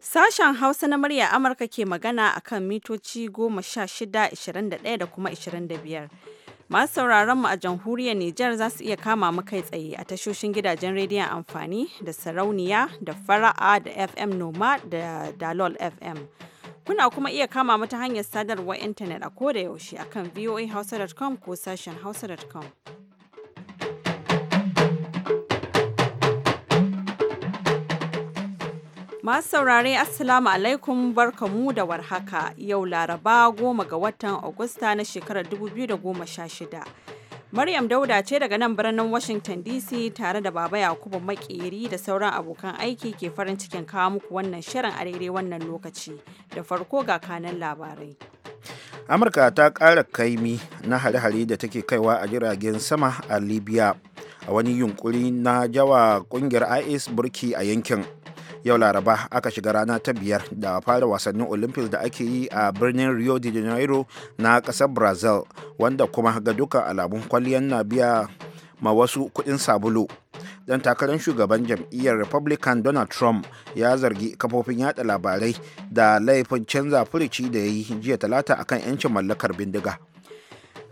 Sashen Hausa na murya Amurka ke magana akan mitoci goma sha shida ishirin da da kuma da biyar. Masu sauraron mu a jamhuriyar Nijar za su iya kama mu kai tsaye a tashoshin gidajen rediyon amfani da sarauniya da fara'a da FM Noma da Dalol FM. Kuna kuma iya kama mu ta hanyar sadarwar intanet a koda yaushe akan voahausa.com ko sashen hausa.com. Masu saurare Assalamu alaikum barkamu da warhaka yau Laraba goma ga watan Agusta na shekarar 2016. Maryam Dauda ce daga nan birnin Washington DC tare da Baba Yakubu Makeri da sauran abokan aiki ke farin cikin kawo muku wannan shirin a wannan lokaci. Da farko ga kanan labarai. Amurka ta ƙara kaimi na hare-hare da take kaiwa a jiragen sama a Libya a wani yunkuri na jawa ƙungiyar IS burki a yankin. yau laraba aka shiga rana ta biyar da fara wasannin olympics da ake yi a birnin rio de janeiro na ƙasar brazil wanda kuma ga duka alamun kwalliyar na biya ma wasu kuɗin sabulu dan takarar shugaban jam'iyyar republican donald trump ya zargi kafofin yada labarai da laifin canza furuci da ya yi jiya talata akan 'yancin mallakar bindiga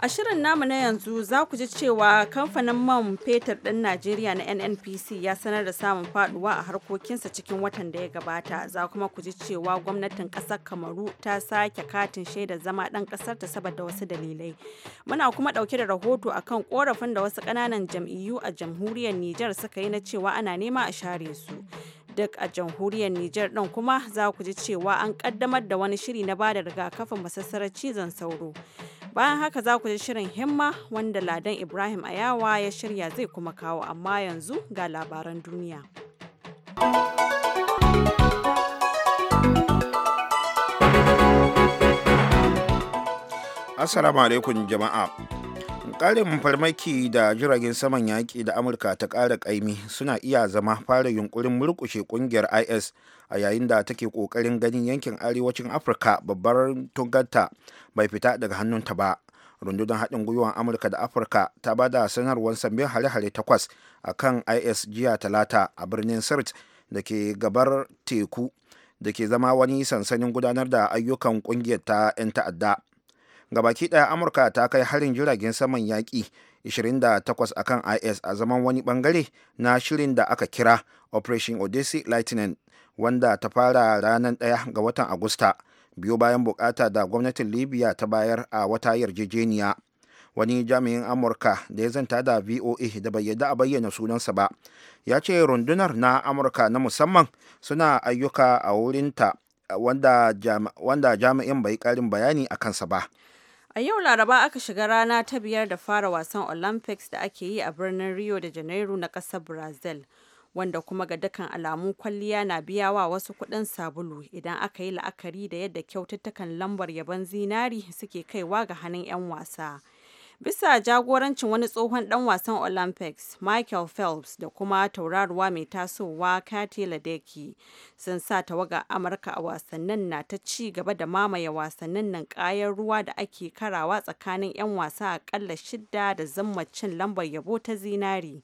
A shirin namu na yanzu za ku ji cewa kamfanin man fetur ɗin Najeriya na NNPC ya sanar da samun faduwa a harkokinsa cikin watan da ya gabata. Za kuma ku ji cewa gwamnatin ƙasar Kamaru ta sake katin shaida zama ɗan ƙasar ta saboda wasu dalilai. Muna kuma ɗauke da rahoto akan ƙorafin da wasu ƙananan jam'iyyu a jamhuriyar Nijar suka yi na cewa ana nema a share su. duk a jamhuriyar Nijar ɗin kuma za ku ji cewa an ƙaddamar da wani shiri na bada rigakafin masassarar cizon sauro. Bayan haka za ku ji shirin himma wanda Ladan Ibrahim Ayawa ya shirya zai kuma kawo amma yanzu ga labaran duniya. Assalamu alaikum jama'a. ƙarin farmaki da jiragen saman yaƙi da amurka ta ƙara ƙaimi suna iya zama fara yunkurin murƙushe ƙungiyar is a yayin da take ƙoƙarin ganin yankin arewacin afirka babbar tungarta bai fita daga hannunta ba rundunar haɗin gwiwar amurka da afirka ta ba da sanarwar sabbin hare-hare takwas a kan is jiya talata a birnin sirt da ke gabar teku da ke zama wani sansanin gudanar da ayyukan ƙungiyar ta 'yan ta'adda ga baki daya amurka ta kai harin jiragen saman yaƙi 28 akan is a zaman wani bangare na shirin da aka kira operation odyssey lightning wanda ta fara ranar daya ga watan agusta biyu bayan bukata da gwamnatin libya ta bayar a wata yarjejeniya wani jami'in amurka da ya zanta da voa da bai yadda a bayyana sunansa ba ya ce rundunar na amurka na musamman suna ayyuka a wurinta wanda jami'in bai karin bayani a kansa ba A yau Laraba aka shiga rana ta biyar da fara wasan Olympics da ake yi a birnin Rio de Janeiro na ƙasar Brazil, wanda kuma ga dukkan alamu kwalliya na biya wa wasu kuɗin sabulu idan aka yi la'akari da yadda kyaututtukan lambar yabon zinari suke kaiwa ga hannun 'yan wasa. bisa jagorancin wani tsohon dan wasan olympics michael phelps da kuma tauraruwa mai tasowa kati ladeki sun sa tawaga amurka a wasannin na ta ci gaba da mamaye wasannin nan kayan ruwa da ake karawa tsakanin 'yan wasa akalla shidda da zammacin lambar yabo ta zinari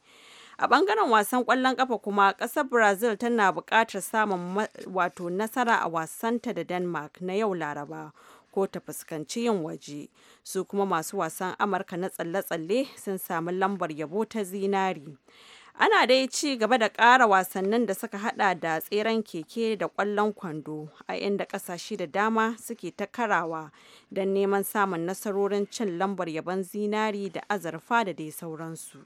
a bangaren wasan kwallon kafa kuma kasar brazil tana bukatar samun wato nasara a wasanta da denmark na yau laraba ko ta fuskanci yin waje su kuma masu wasan amurka na tsalle-tsalle sun samu lambar yabo ta zinari ana dai ci gaba da ƙara wasannin da suka hada da tseren keke da ƙwallon kwando a inda ƙasashe da dama suke ta karawa don neman samun nasarorin cin lambar yaban zinari da azurfa da dai sauransu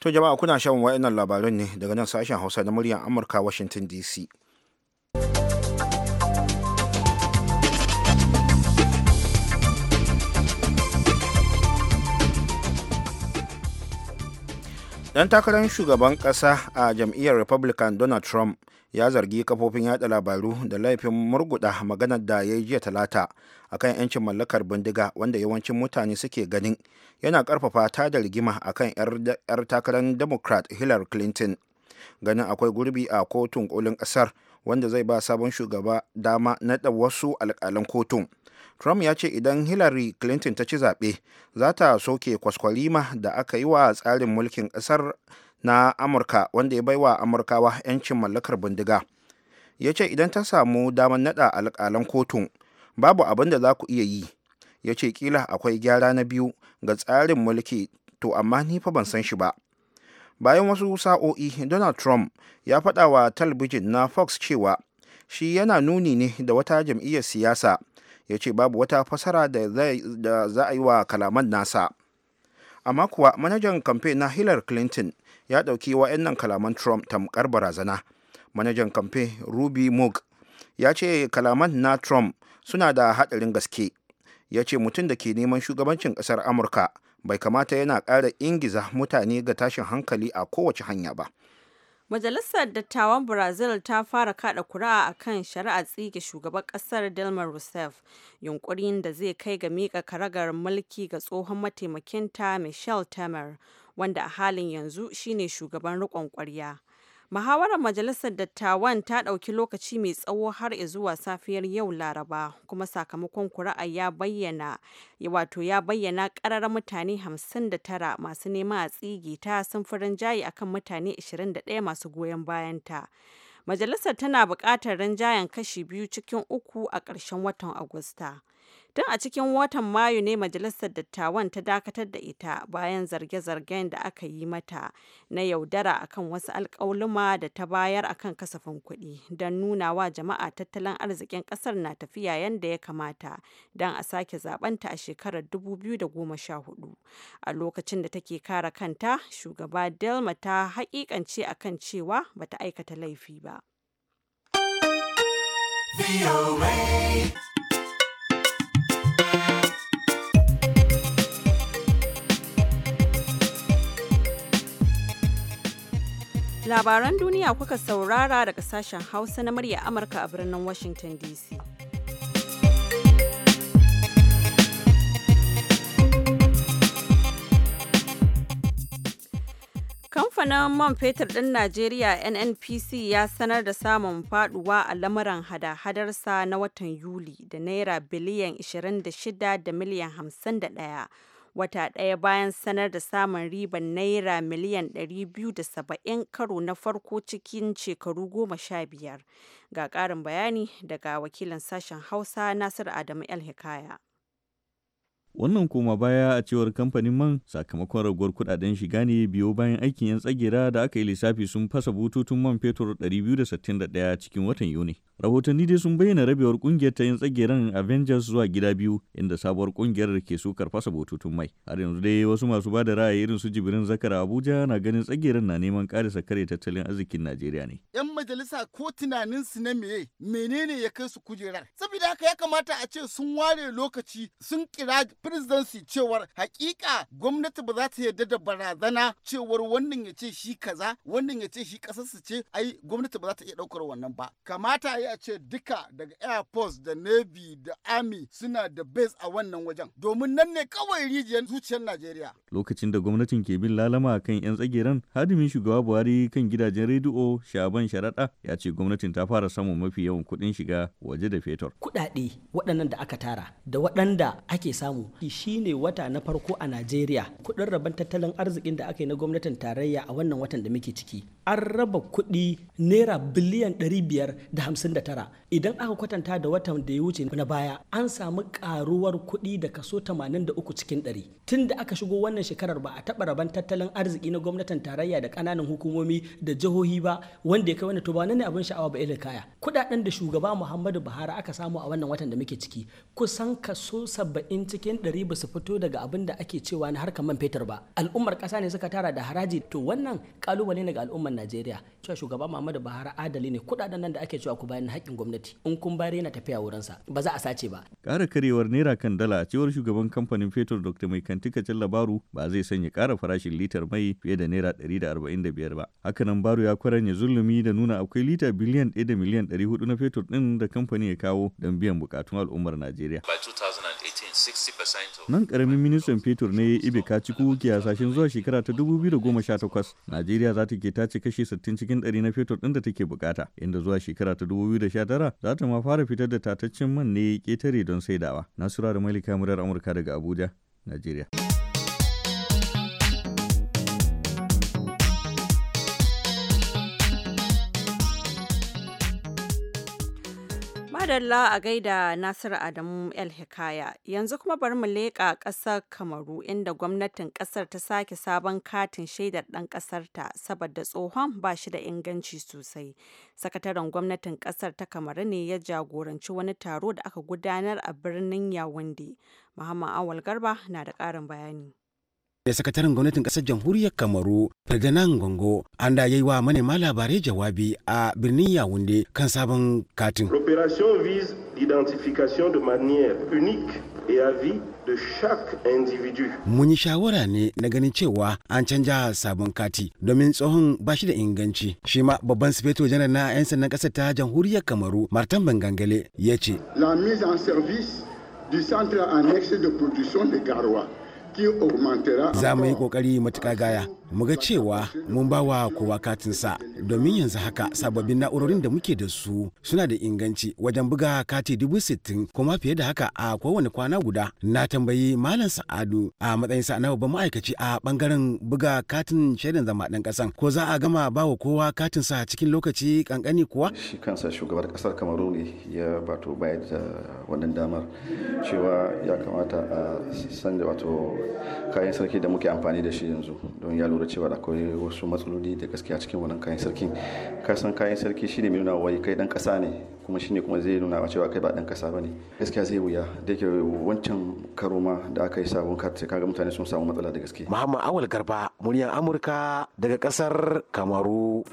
to jama'a kuna shan wa'annan labarin ne daga nan sashen hausa na muryar amurka washington dc dan takarar shugaban kasa a jam'iyyar republican donald trump ya zargi kafofin yada labaru da laifin murguda maganar da ya jiya talata akan 'yancin mallakar bindiga wanda yawancin mutane suke ganin yana karfafa ta da rigima kan 'yar takarar democrat hillary clinton ganin akwai gurbi a kotun kolin kasar wanda zai ba sabon shugaba dama naɗa wasu alkalan kotun trump ya ce idan hillary clinton ta ci zaɓe za ta soke kwaskwalima da aka yi wa tsarin mulkin ƙasar na amurka wanda ya baiwa amurkawa 'yancin mallakar bindiga ya ce idan ta samu damar naɗa alƙalan kotun babu abin da za ku iya yi ya ce kila akwai gyara na biyu ga tsarin mulki to amma ni fa ban san shi ba bayan wasu sa'o'i donald trump ya faɗa wa talabijin na fox cewa shi yana nuni ne da wata jam'iyyar siyasa ya ce babu wata fasara da za a yi wa kalaman nasa amma kuwa manajan kamfe na hillar clinton ya ɗauki wa'annan kalaman trump tamkar barazana manajan kamfe ruby mug ya ce kalaman na trump suna da haɗarin gaske ya ce mutum da ke neman shugabancin ƙasar amurka bai kamata yana ƙara ingiza mutane ga tashin hankali a kowace hanya ba Majalisar Dattawan Brazil ta fara kada kuri'a a kan shari'a tsige shugaban kasar Dilma Rousseff, yunkurin da zai kai ga mika karagar mulki ga tsohon mataimakinta Michel Temer, wanda a halin yanzu shine shugaban riƙon ƙwarya. Muhawarar Majalisar Dattawan ta ɗauki lokaci mai tsawo har zuwa safiyar yau Laraba, kuma sakamakon kura'a ya bayyana wato ya bayyana ƙarar mutane 59 masu neman a tsige ta sun fi rinjaye akan mutane 21 masu goyon bayanta. Majalisar tana buƙatar rinjayen kashi biyu cikin uku a ƙarshen watan Agusta. Tun a cikin watan Mayu ne Majalisar Dattawan ta dakatar da ita bayan zarge-zargen da aka yi mata na yaudara akan wasu alƙawluma da ta bayar akan kasafin kuɗi don nuna wa jama'a tattalin arzikin ƙasar na tafiya yadda ya kamata don a sake zabanta a shekarar 2014. A lokacin da take kare kanta, shugaba Delma ta haƙiƙance akan cewa bata aikata laifi ba. Labaran duniya kuka saurara daga sashen Hausa na murya Amurka a birnin Washington DC. Kamfanin man fetur ɗin Najeriya NNPC ya sanar da samun faduwa a lamuran hada-hadarsa na watan Yuli da Naira biliyan 26 da miliyan 51. wata ɗaya bayan sanar da samun riban naira miliyan 270 karo na farko cikin shekaru goma sha biyar ga ƙarin bayani daga wakilin sashen hausa Nasir adamu el hikaya Wannan koma baya a cewar kamfanin man sakamakon raguwar kudaden shiga ne biyo bayan aikin 'yan tsagera da aka yi lissafi sun fasa bututun man fetur 261 cikin watan Yuni. Rahotanni dai sun bayyana rabewar kungiyar ta 'yan tsageren Avengers zuwa gida biyu inda sabuwar kungiyar ke sukar fasa bututun mai. Har yanzu dai wasu masu ba da ra'ayi irin su Jibrin Zakara Abuja na ganin tsageren na neman karisa kare tattalin arzikin Najeriya ne. 'Yan majalisa ko tunanin su na meye menene ya kai su kujerar? Saboda haka ya kamata a ce sun ware lokaci sun kira presidency cewar hakika gwamnati ba za ta yarda da barazana cewar wannan ya ce shi kaza wannan ya ce shi kasarsa ce ai gwamnati ba za ta iya daukar wannan ba kamata ya ce duka daga air force da navy da army suna da base a wannan wajen domin nan ne kawai rijiyar zuciyar najeriya lokacin da gwamnatin ke bin lalama kan yan tsageren hadimin shugaba buhari kan gidajen rediyo shaban sharada ya ce gwamnatin ta fara samun mafi yawan kuɗin shiga waje da fetur kuɗaɗe waɗannan da aka tara da waɗanda ake samu shine wata na farko a Najeriya kuɗin rabon tattalin arzikin da aka yi na gwamnatin tarayya a wannan watan da muke ciki. An raba kuɗi naira biliyan 559 idan aka kwatanta da watan da ya wuce na baya an samu karuwar kuɗi da kaso 83 cikin 100. Tun da aka shigo wannan shekarar ba a taɓa rabon tattalin arziki na gwamnatin tarayya da ƙananan hukumomi da jihohi ba wanda ya kai wani to ba ne abin sha'awa ba irin kaya. Kuɗaɗen da shugaba Muhammadu Buhari aka samu a wannan watan da muke ciki kusan kaso 70 cikin ɗari ba su fito daga abin da ake cewa na harkar man fetur ba al'ummar ƙasa ne suka tara da haraji to wannan kalubale ne ga al'ummar najeriya cewa shugaba muhammadu buhari adali ne kuɗaɗen nan da ake cewa ku bayan haƙƙin gwamnati in kun bayar yana tafiya wurinsa ba za a sace ba ƙara karewar naira kan dala a cewar shugaban kamfanin fetur dr mai kantika can labaru ba zai sanya ƙara farashin litar mai fiye da naira ɗari da arba'in da biyar ba hakanan baro ya kwaranya zulumi da nuna akwai lita biliyan ɗaya da miliyan ɗari hudu na fetur ɗin da kamfani ya kawo don biyan bukatun al'ummar najeriya by nan karamin ministan fetur ne ibe kaciku a hasashen zuwa shekara ta 2018 najeriya za ta ke tace kashe 60 cikin 100 na fetur din da take bukata inda zuwa shekara ta 2019 za ta ma fara fitar da tataccen man ne ketare don saidawa nasura da malika murar amurka daga abuja najeriya Madalla a gaida Nasiru Adamu El Hikaya. Yanzu kuma bari mu leƙa ƙasar Kamaru inda gwamnatin ƙasar ta sake sabon katin shaidar ɗan ƙasarta saboda tsohon ba shi da inganci sosai. Sakataren gwamnatin ƙasar ta Kamaru ne ya jagoranci wani taro da aka gudanar a birnin Yawunde. Muhammad Awal Garba na da ƙarin bayani. da sakataren gwamnatin kasar jamhuriyar kamaru ferdinand gongo an da yayi wa manema labarai jawabi a birnin yawunde kan sabon katin l'opération vise l'identification de manière unique et à vie de chaque individu. Mun yi shawara ne na ganin cewa an canja sabon kati domin tsohon ba shi da inganci. Shi ma babban sifeto janar na 'yan sannan kasar ta jamhuriyar Kamaru Martin Bangangale ya ce. La mise en service du centre annexe de production de Garoua Za mu yi kokari matuƙa gaya muga cewa mun ba wa kowa katinsa domin yanzu haka sababbin na'urorin da muke da su suna da inganci wajen buga kati dubu sittin kuma fiye da haka a kowane kwana guda na tambayi malam sa'adu a matsayin sa na babban ma'aikaci a bangaren buga katin shaidan zama dan kasan ko za a gama ba wa kowa katin sa cikin lokaci kankani kuwa shi kansa shugaban kasar kamaru ya bato bayar da wannan damar cewa ya kamata a sanya wato kayan sarki da muke amfani da shi yanzu don ya lura lura cewa akwai wasu matsaloli da gaskiya cikin wannan kayan sarki ka san kayan sarki shine mai nuna wai kai dan kasa ne kuma shine kuma zai nuna cewa kai ba dan kasa bane gaskiya zai wuya da yake wancan karo ma da aka yi sabon sai kaga mutane sun samu matsala da gaske Muhammad Awal Garba muryar Amurka daga kasar Kamaru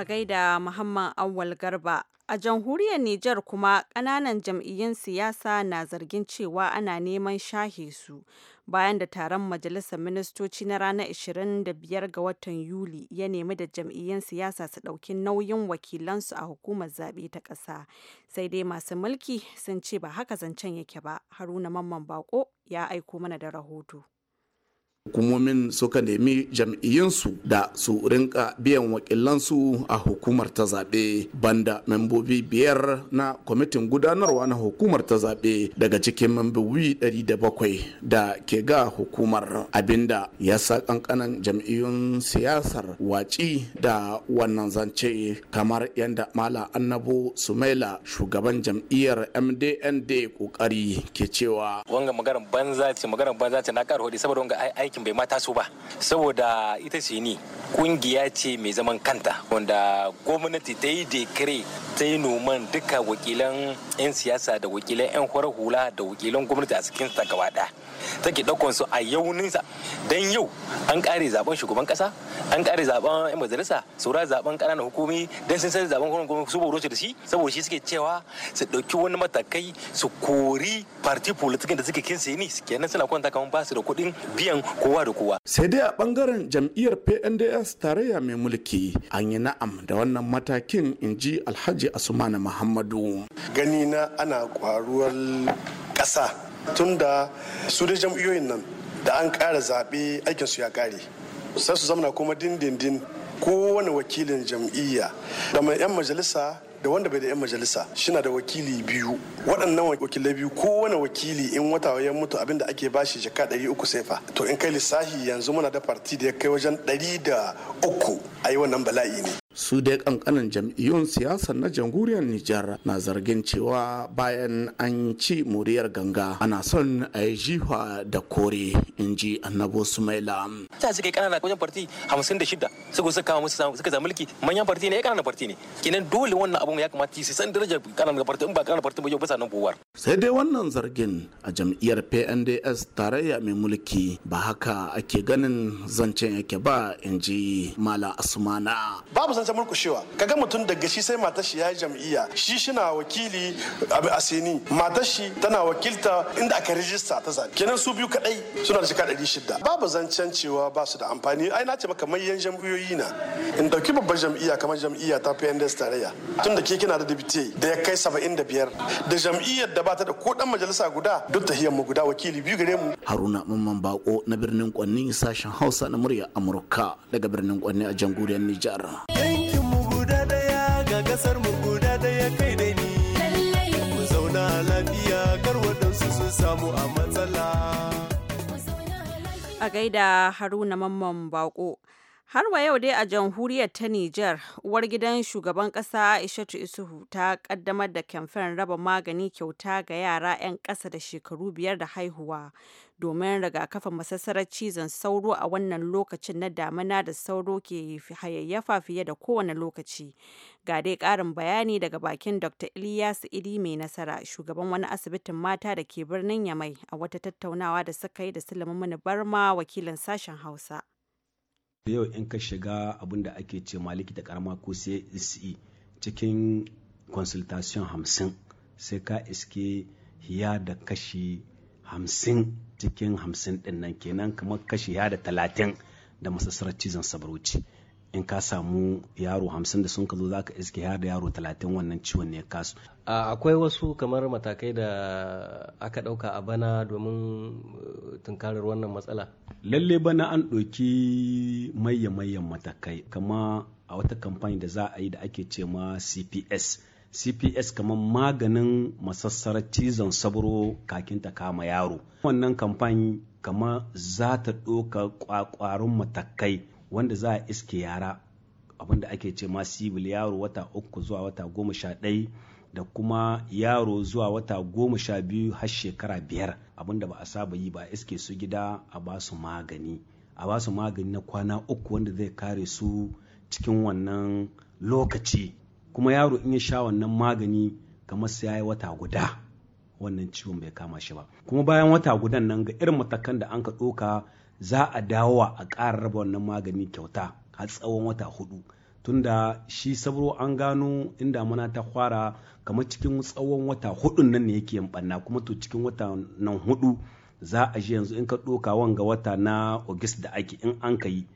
a gaida Muhammad Awal Garba. A jamhuriyar Nijar kuma ƙananan jam'iyyun siyasa na zargin cewa ana neman shahe su bayan da taron majalisar ministoci na ranar 25 ga watan Yuli ya nemi da jam'iyyun siyasa su ɗauki nauyin wakilansu a hukumar zaɓe ta ƙasa. Sai dai masu mulki sun ce ba haka zancen yake ba. Haruna Mamman Bako ya aiko mana da rahoto. hukumomin suka nemi jam'iyyinsu da su rinka biyan wakilansu a hukumar ta zaɓe banda membobi biyar na kwamitin gudanarwa na hukumar ta zaɓe daga cikin membobi 700 da ke ga hukumar abinda ya sa kankanan jam'iyyun siyasar waci da wannan zance kamar yadda mala annabo sumaila shugaban jam'iyyar mdnd kokari ke cewa wanga banza ce banza ce na saboda wanga ai aikin bai mata su ba saboda ita ce ni kungiya ce mai zaman kanta wanda gwamnati ta yi dekare sai noman duka wakilan 'yan siyasa da wakilan 'yan horar hula da wakilan gwamnati a cikin ta gaba ɗaya take ɗaukan su a yauninsa don yau an ƙare zaben shugaban ƙasa an ƙare zaben 'yan majalisa saura zaben ƙananan hukumi don sun san zaben gwamnati su boro da shi saboda shi suke cewa su ɗauki wani matakai su kori parti politikin da suke kinsa ni kenan suna kwanta kamar basu da kuɗin biyan kowa da kowa. sai dai a ɓangaren jam'iyyar pnds tarayya mai mulki an yi na'am da wannan matakin in ji alhaji asumana muhammadu gani na ana kwaruwar ƙasa da su da jam'iyyoyin nan da an kara zaɓe aikinsu ya kare sai su zamana kuma dindindin kowane wakilin jam'iyya da mai 'yan majalisa da wanda bai da 'yan majalisa shina da wakili biyu waɗannan wakilai biyu kowane wakili in wata ya mutu abinda ake bashi jaka ɗari uku sefa to in kai lissahi yanzu muna da farti da ya kai wajen ɗari da uku a yi wannan bala'i ne su dai kankanin jam'iyyun siyasar na jamhuriyar nijar na zargin cewa bayan an ci muriyar ganga ana son a yi jifa da kore in ji annabo sumaila ta suka kai kanana wajen farti hamsin da shida suka suka kawo musu suka zama mulki manyan farti ne ya kanana farti ne kinan dole wannan abun ya kamata su san darajar kanana farti in ba kanana farti ba yau basa nan buwar sai dai wannan zargin a jam'iyyar pnds tarayya mai mulki ba haka ake ganin zancen yake ba in ji mala asumana babu kusan ta murkushewa kaga mutum daga shi sai matar shi yayi jam'iyya shi shina wakili a sini matar shi tana wakilta inda aka rijista ta zabe kenan su biyu kadai suna da shika ɗari shida babu zancen cewa ba su da amfani ai na ce maka manyan jam'iyyoyi na in dauki babbar jam'iyya kamar jam'iyya ta PNDS tarayya tun da ke kina da dibite da ya kai saba'in da biyar da jam'iyyar da ba ta da ko dan majalisa guda duk tahiyar mu guda wakili biyu gare mu haruna mamman bako na birnin kwanni sashen hausa na murya amurka daga birnin kwanni a jamhuriyar nijar. yankinmu mu guda daya ga kasar mu guda daya kai da ni zauna lafiya kar waɗansu sun samu a matsala a gaida haruna mamman bako Har wa yau dai a jamhuriyar ta Nijar, uwar gidan shugaban ƙasa Aishatu Isuhu ta ƙaddamar da kamfen raba magani kyauta ga yara 'yan ƙasa da shekaru biyar da haihuwa domin rigakafin masassarar cizon sauro a wannan lokacin na damina da sauro ke hayayyafa fiye da kowane lokaci. Ga dai ƙarin bayani daga bakin Dr. Ilyas Idi mai nasara, shugaban wani asibitin mata da ke birnin Yamai a wata tattaunawa da suka yi da Sulaiman Barma wakilin sashen Hausa. yau in ka shiga abin da ake ce maliki da karama ko CSE cikin consultation hamsin sai ka iske ya da kashi hamsin cikin hamsin ɗinnan kenan kamar kashi hiya da talatin da masassarar cizon sabarauci in ka samu yaro hamsin da sun ka zo za ka iske har da yaro talatin wannan ciwon ne ya kasu akwai wasu kamar matakai da aka ɗauka a bana domin eh, tunkarar wannan matsala lalle bana an ɗauki maye-mayen matakai kama a wata kamfani da za a yi da ake ce ma cps cps kamar maganin masassarar cizon sabro kakin ta kama yaro wannan kamfani kama za ta ɗauka ƙwaƙwarin matakai wanda za a iske yara abinda ake ce ma sibil yaro wata uku zuwa wata goma sha ɗai da kuma yaro zuwa wata goma sha biyu har shekara biyar abinda ba a saba yi ba iske su gida a ba su magani a ba su magani na kwana uku wanda zai kare su cikin wannan lokaci kuma yaro in ya sha wannan magani kamar sai ya yi wata guda wannan ciwon bai kama shi ba kuma bayan wata gudan nan ga irin matakan da an ka ɗoka za a dawowa a ƙara raba wannan magani kyauta har tsawon wata hudu tunda shi sabro an gano in muna ta fara kamar cikin tsawon wata hudun nan ne yake yamɓanna banna kuma to cikin wata nan hudu za a ji yanzu in ka ɗoka wanga wata na ogis da ake in an ka yi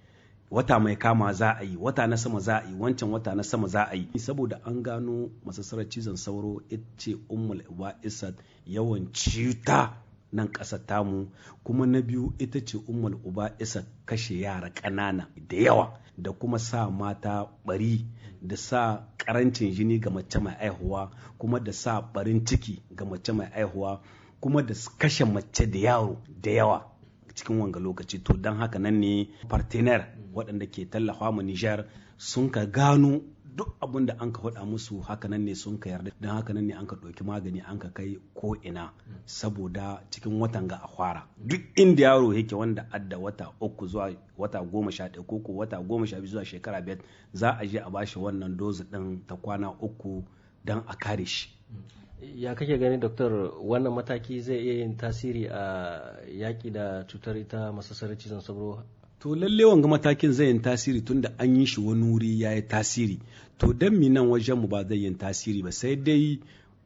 wata mai kama za a yi wata na sama za a yi wancan wata na sama za a yi saboda an gano masassarar cizon sauro ita ce ummul isa yawan cuta nan ƙasar tamu kuma na biyu ita ce umar uba isa kashe yara ƙanana da yawa da kuma sa mata bari da sa ƙarancin jini ga mace mai aihuwa kuma da sa barin ciki ga mace mai aihuwa kuma da kashe mace da yaro da yawa cikin wanga lokaci to don haka nan ne partener waɗanda ke tallafa mu Nijar sun ka gano duk abin da an ka faɗa musu hakanan ne sun ka yarda don hakanan ne an ka ɗauki magani an ka kai ko ina saboda cikin watan ga a fara duk inda yaro yake wanda adda wata uku zuwa wata goma sha ɗaya ko wata goma sha biyu zuwa shekara biyar za a je a bashi wannan dozi ɗin ta kwana uku don a kare shi ya kake gani doktor wannan mataki zai iya yin tasiri a yaƙi da cutar ita masassarar cizon sauro to lalle wanga matakin zai yin tasiri tun da an yi shi wani wuri ya yi tasiri to don mi nan wajen mu ba zai yin tasiri ba sai dai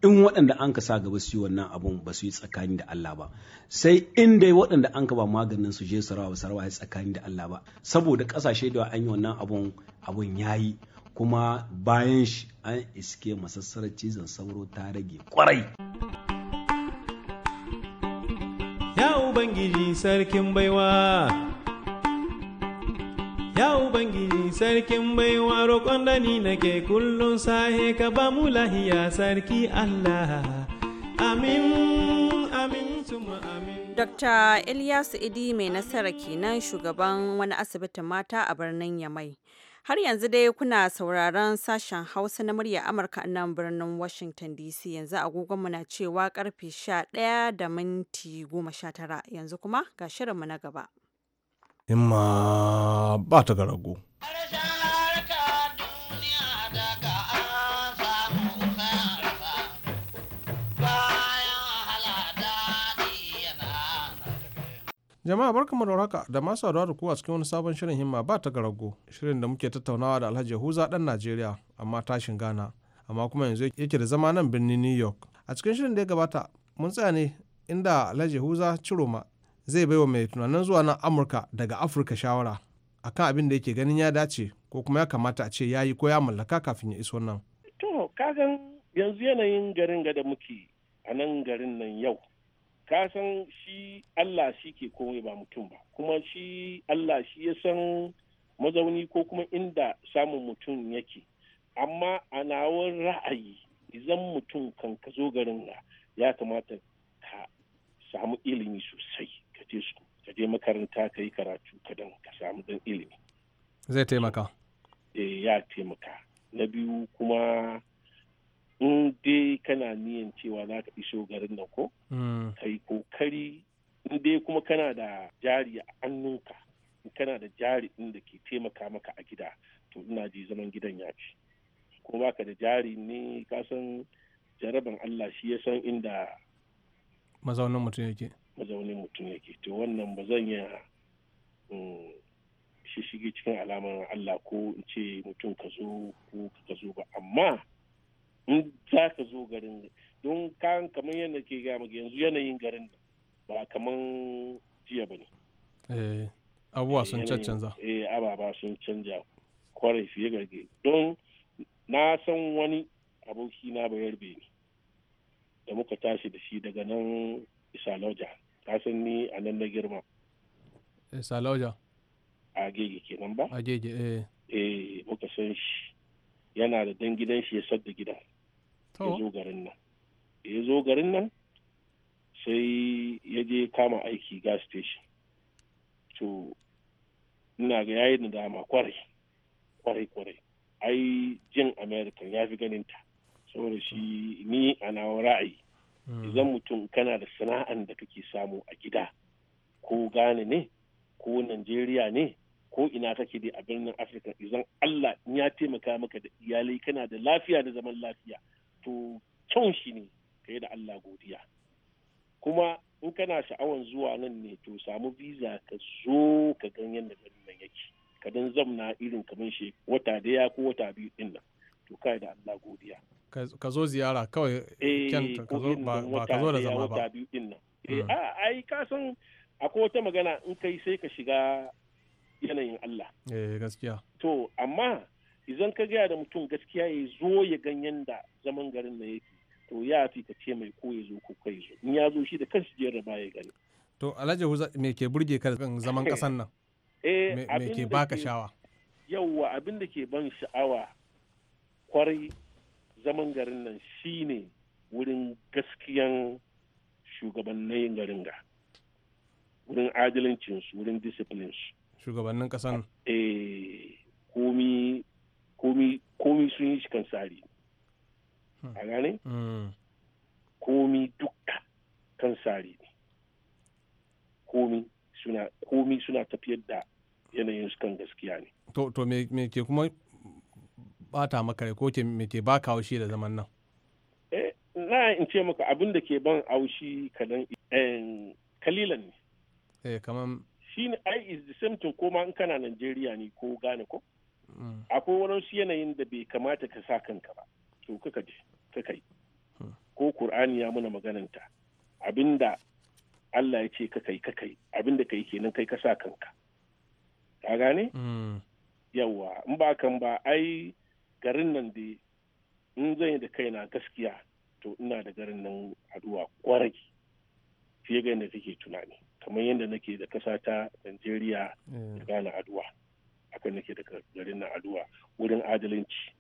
in waɗanda an ka sa gaba su yi wannan abun ba su yi tsakani da Allah ba sai in dai waɗanda an ka ba maganin su je su rawa su rawa tsakani da Allah ba saboda ƙasashe da an yi wannan abun abun yi kuma bayan shi an iske masassarar cizon sauro ta rage kwarai. Ya Ubangiji sarkin baiwa. Ya Ubangiji sarkin baiwa roƙon da nake kullum sahe ka ba mu lahiya sarki Allah. Amin, amin, tuma amin. Dr. Ilyasu Idi mai nasara kenan shugaban wani asibitin mata a birnin Yamai. Har yanzu dai kuna sauraron sashen Hausa na murya Amurka nan birnin Washington DC yanzu agogonmu na cewa karfe 11 da minti 19 yanzu kuma ga shirinmu na gaba. himma ba ta ga rago. jama'a barkamu da haka da masu saduwa da kowa a cikin wani sabon shirin himma ba ta garago shirin da muke tattaunawa da alhaji huza dan najeriya amma tashin ghana amma kuma yanzu yake da zama nan birnin new york a cikin shirin da ya gabata mun tsaya ne inda alhaji huza ciroma zai baiwa mai tunanin zuwa nan amurka daga afirka shawara akan abin da yake ganin ya dace ko kuma ya kamata a ce ya yi ko ya mallaka kafin ya iso nan to kagan yanzu yanayin garin ga da muke a nan garin nan yau ka san shi allah shi ke komai ba mutum ba kuma shi allah shi ya san mazauni ko kuma inda samun mutum yake amma a nawar ra'ayi idan mutum kan ka zo garin ya kamata ka samu ilimi sosai halarce su ka je makaranta ka yi karatu ka samu dan ilimi zai taimaka eh ya taimaka na biyu kuma in dai kana niyan cewa za ka iso garin nan ko hmm. kai kokari in dai kuma kana da jari a hannunka in kana da jari din da ke taimaka maka a gida to ina ji zaman gidan ya ce ko baka da jari ne kasan jaraban Allah shi ya san inda mazaunin mutum yake mazaunin mutum yake to wannan ba zan yi mm, shishigi cikin alamar Allah ko in ce mutum ka zo ko ka zo ba amma in za ka zo garin don kan kamar yadda ke gama yanzu yanayin garin ba kamar jiya ba ne eh, abubuwa sun eh, canza eh ababa sun canja kwarai fiye garge don na san wani aboki na bayar ne da muka tashi da shi daga nan isa lauja ka san ni a nan na girma eh, salauja a gege kenan ba a gege eh eh muka san shi yana da dan gidan shi ya sadda gida ya zo garin nan ya zo garin nan sai ya je kama aiki gas station to ina ga yayin da dama kwarai kwarai kwarai ai jin american ya fi ganin ta saboda shi ni a ra'ayi Hmm. idan mutum kana da sana'an da kake samu a gida ko Ghana ne ko Najeriya ne ko ina kake dai a birnin Afirka idan Allah in ya taimaka maka da iyalai kana da lafiya da zaman lafiya to kyan shi ne ka yi da Allah godiya kuma in kana sha'awan zuwa nan ne to samu visa ka zo ka gan yadda birnin yake ka dan zamna irin kamar shi wata daya ko wata biyu din nan to kai da Allah godiya ka zo ziyara kawai eh, kyan ka zo ba ka zo da zama ba eh, hmm. a ai ka san akwai wata magana in kai sai ka shiga yanayin Allah eh gaskiya to amma idan ka gaya da mutum gaskiya ya zo ya ganyen da zaman garin na yake to ya fi ka ce mai ko ya zo ko kai zo in ya zo shi da kansu ba ya gani to alhaji me ke burge ka kan zaman kasan nan eh, me ke baka shawa yauwa abin da ke ban sha'awa kwarai zaman garin nan shine wurin gaskiyan shugabannin garin ga wurin adalcinsu wurin disciplininsu shugabannin kasan eh, komi komi komi sun yi shi kan tsari hmm. a gane hmm. komi duka kan tsari ne komi suna komi suna tafiyar da yanayin su kan gaskiya ne to to me ke kuma bata maka rai ko ke me ke baka haushi da zaman nan eh na in ce maka abin da ke ban haushi kadan eh, kalilan ne eh kaman ne ai is the same thing ko ma in kana Najeriya ne ko Ghana ko mm. akwai wadansu yanayin da bai kamata ka sa kanka ba to kaka je kaka yi hmm. ko Qur'ani ya muna magananta abinda Allah ya ce kakai kakai abinda kai kenan kai ka sa kanka ka gane mm. yawwa in ba kan ba ai garin nan da in zan yi da kaina gaskiya to ina da garin nan haduwa kwarai fiye ga yadda kake tunani kamar yadda nake da kasa ta Najeriya eh. da Ghana aduwa akan nake da garin nan aduwa wurin adalanci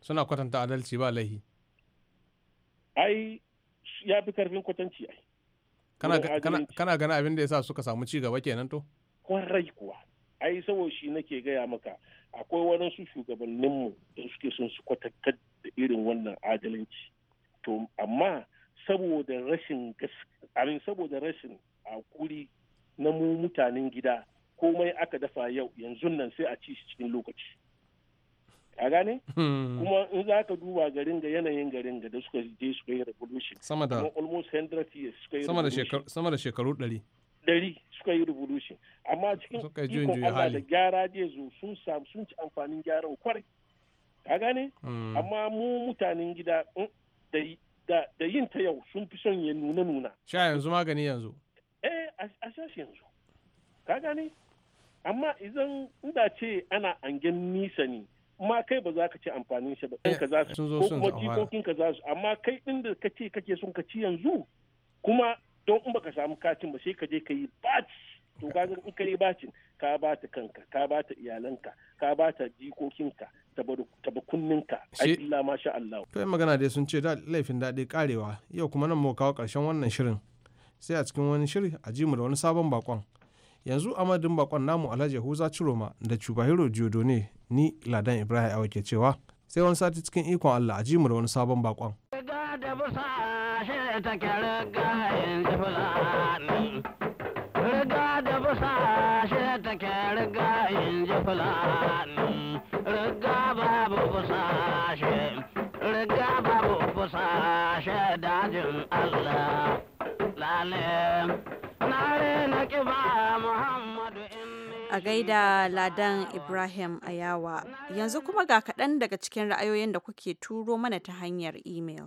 suna kwatanta adalci ba laihi ai ya fi karfin kwatanci ai kana gana abin da ya sa suka samu ci gaba kenan to kwarai kuwa ai saboda shi nake gaya maka akwai waɗansu shugabanninmu da suke son su kwatantar da irin wannan adalanci to amma saboda rashin amin saboda rashin hakuri na mu mutanen gida komai aka dafa yau yanzu nan sai a ci shi cikin lokaci a gane hmm. kuma in za ka duba garin ga yanayin garin ga da suka je suka yi revolution sama da almost 100 years suka yi sama da shekaru 100 ɗari suka yi revolution amma cikin ikon Allah da gyara zai zo sun samu sun ci amfanin gyaran kwarai ka gane hmm. amma mu mutanen gida mm, da yin ta yau sun fi son ya nuna nuna sha yanzu magani yanzu eh a sha shi yanzu ka gane amma idan inda ce ana angen nisa ne ma kai ba za ka ci amfanin shi ba eh, ka za su ko kuma jikokin ka za su amma kai ɗin da ce kake son ka ci yanzu kuma don in baka samu katin ba sai ka je ka yi bacci to kaga in ka yi bacin ka ba ta kanka ka ba ta iyalanka ka ba ta jikokinka tabakunninka kunninka illa masha Allah to magana dai sun ce da laifin daɗi karewa yau kuma nan mu kawo ƙarshen wannan shirin sai a cikin wani shiri a ji mu da wani sabon bakon yanzu amadin bakon namu alhaji huza ciroma da cubahiro jodo ne ni ladan ibrahim awa ke cewa sai wani sati cikin ikon allah a ji mu da wani sabon bakon da a gaida Ladan Ibrahim Ayawa. Yanzu kuma ga kaɗan daga cikin ra'ayoyin da kuke turo mana ta hanyar imel.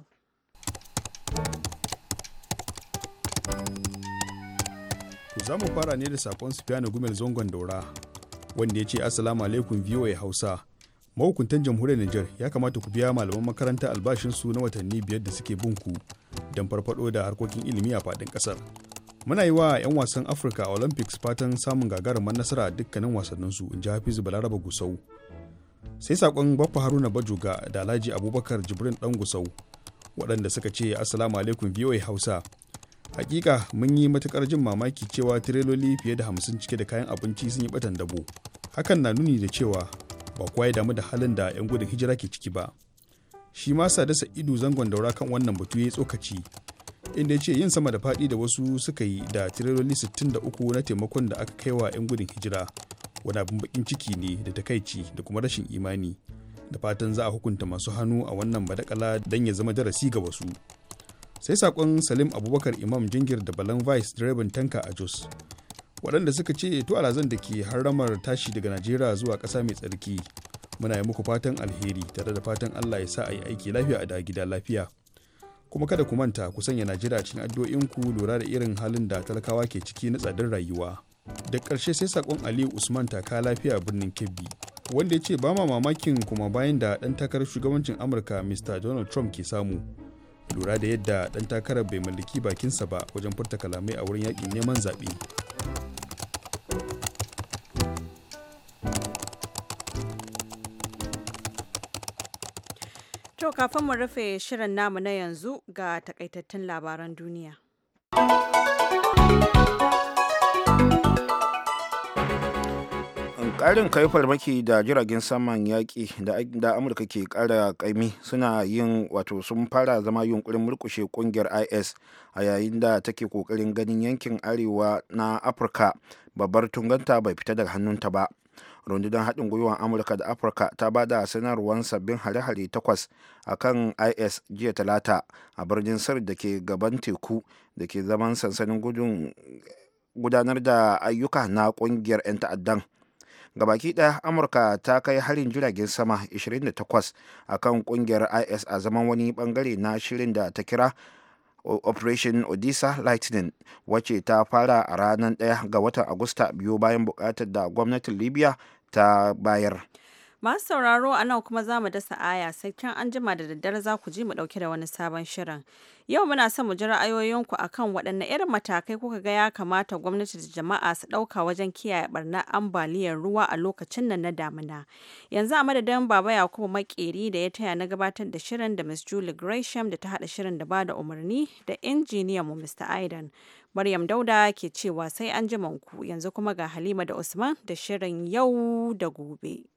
za mu fara ne da sakon Sufiyanu Gumel Zongon Daura wanda ya ce Assalamu alaikum VOA Hausa. Mahukuntan jamhuriyar Nijar ya kamata ku biya malaman makaranta albashinsu na watanni biyar da suke bin ku don farfado da harkokin ilimi a fadin kasar Muna yi wa 'yan wasan Afirka a Olympics fatan samun gagarumar nasara a dukkanin wasanninsu in ji Hafizu Balaraba Gusau. Sai sakon Baffa Haruna Bajuga da Alhaji Abubakar Jibrin Dan Gusau waɗanda suka ce Assalamu alaikum VOA Hausa. hakika mun yi matukar jin mamaki cewa tireloli fiye da hamsin cike da kayan abinci sun yi batan dabo hakan na nuni da cewa ba kuwa ya damu da halin da 'yan gudun hijira ke ciki ba shi ma sa dasa ido zangon daura kan wannan batu ya tsokaci inda ya ce yin sama da faɗi da wasu suka yi da tireloli 63 na taimakon da aka kai wa 'yan gudun hijira wani abin bakin ciki ne da takaici da kuma rashin imani da fatan za a hukunta masu hannu a wannan badakala don ya zama darasi ga wasu. sai sakon salim abubakar imam jingir da balan vice direban tanka a jos waɗanda suka ce to alazan da ke haramar tashi daga najeriya zuwa ƙasa mai tsarki muna yi muku fatan alheri tare da fatan allah ya sa a yi aiki lafiya a da gida lafiya kuma kada ku manta ku sanya najeriya cikin addu'o'inku lura da irin halin da talakawa ke ciki na tsadar rayuwa da karshe sai sakon aliyu usman taka lafiya birnin kebbi wanda ya ce ba ma mamakin kuma bayan da ɗan takarar shugabancin amurka mr donald trump ke samu lura da yadda ɗan takarar bai mallaki bakinsa ba wajen furta kalamai a wurin yaƙin neman zaɓe To kafin mu rufe shirin namu na yanzu ga takaitattun labaran duniya. ƙarin kai farmaki da jiragen saman yaƙi da amurka ke ƙara ƙaimi suna yin wato sun fara zama yunkurin murkushe ƙungiyar is a yayin da take ƙoƙarin ganin yankin arewa na afirka babbar tunganta bai fita daga hannunta ba rundunar haɗin gwiwar amurka da afirka ta ba da sanarwar sabbin hare-hare takwas a kan is jiya talata a birnin sir da ke gaban teku da ke zaman sansanin gudanar da ayyuka na ƙungiyar 'yan ta'addan gabaki daya amurka ta kai harin jiragen sama 28 a kan ƙungiyar is a zaman wani bangare na shirin da ta kira operation odisa lightning wacce ta fara a ranar 1 ga watan agusta biyu bayan bukatar da gwamnatin libya ta bayar. Masu sauraro a nan kuma za mu dasa aya sai can an jima da daddare za ku ji mu ɗauke da wani sabon shirin. Yau muna son mu ji ra'ayoyinku a kan waɗanne irin matakai kuka ga ya kamata gwamnati da jama'a su ɗauka wajen kiyaye barna ambaliyar ruwa a lokacin nan na damina. Yanzu a madadin Baba Yakubu Makeri da ya taya na gabatar da shirin da Miss Julie Gresham da ta haɗa shirin da ba da umarni da injiniyan mu Mr. Aidan. Maryam Dauda ke cewa sai an ku yanzu kuma ga Halima da Usman da shirin yau da gobe.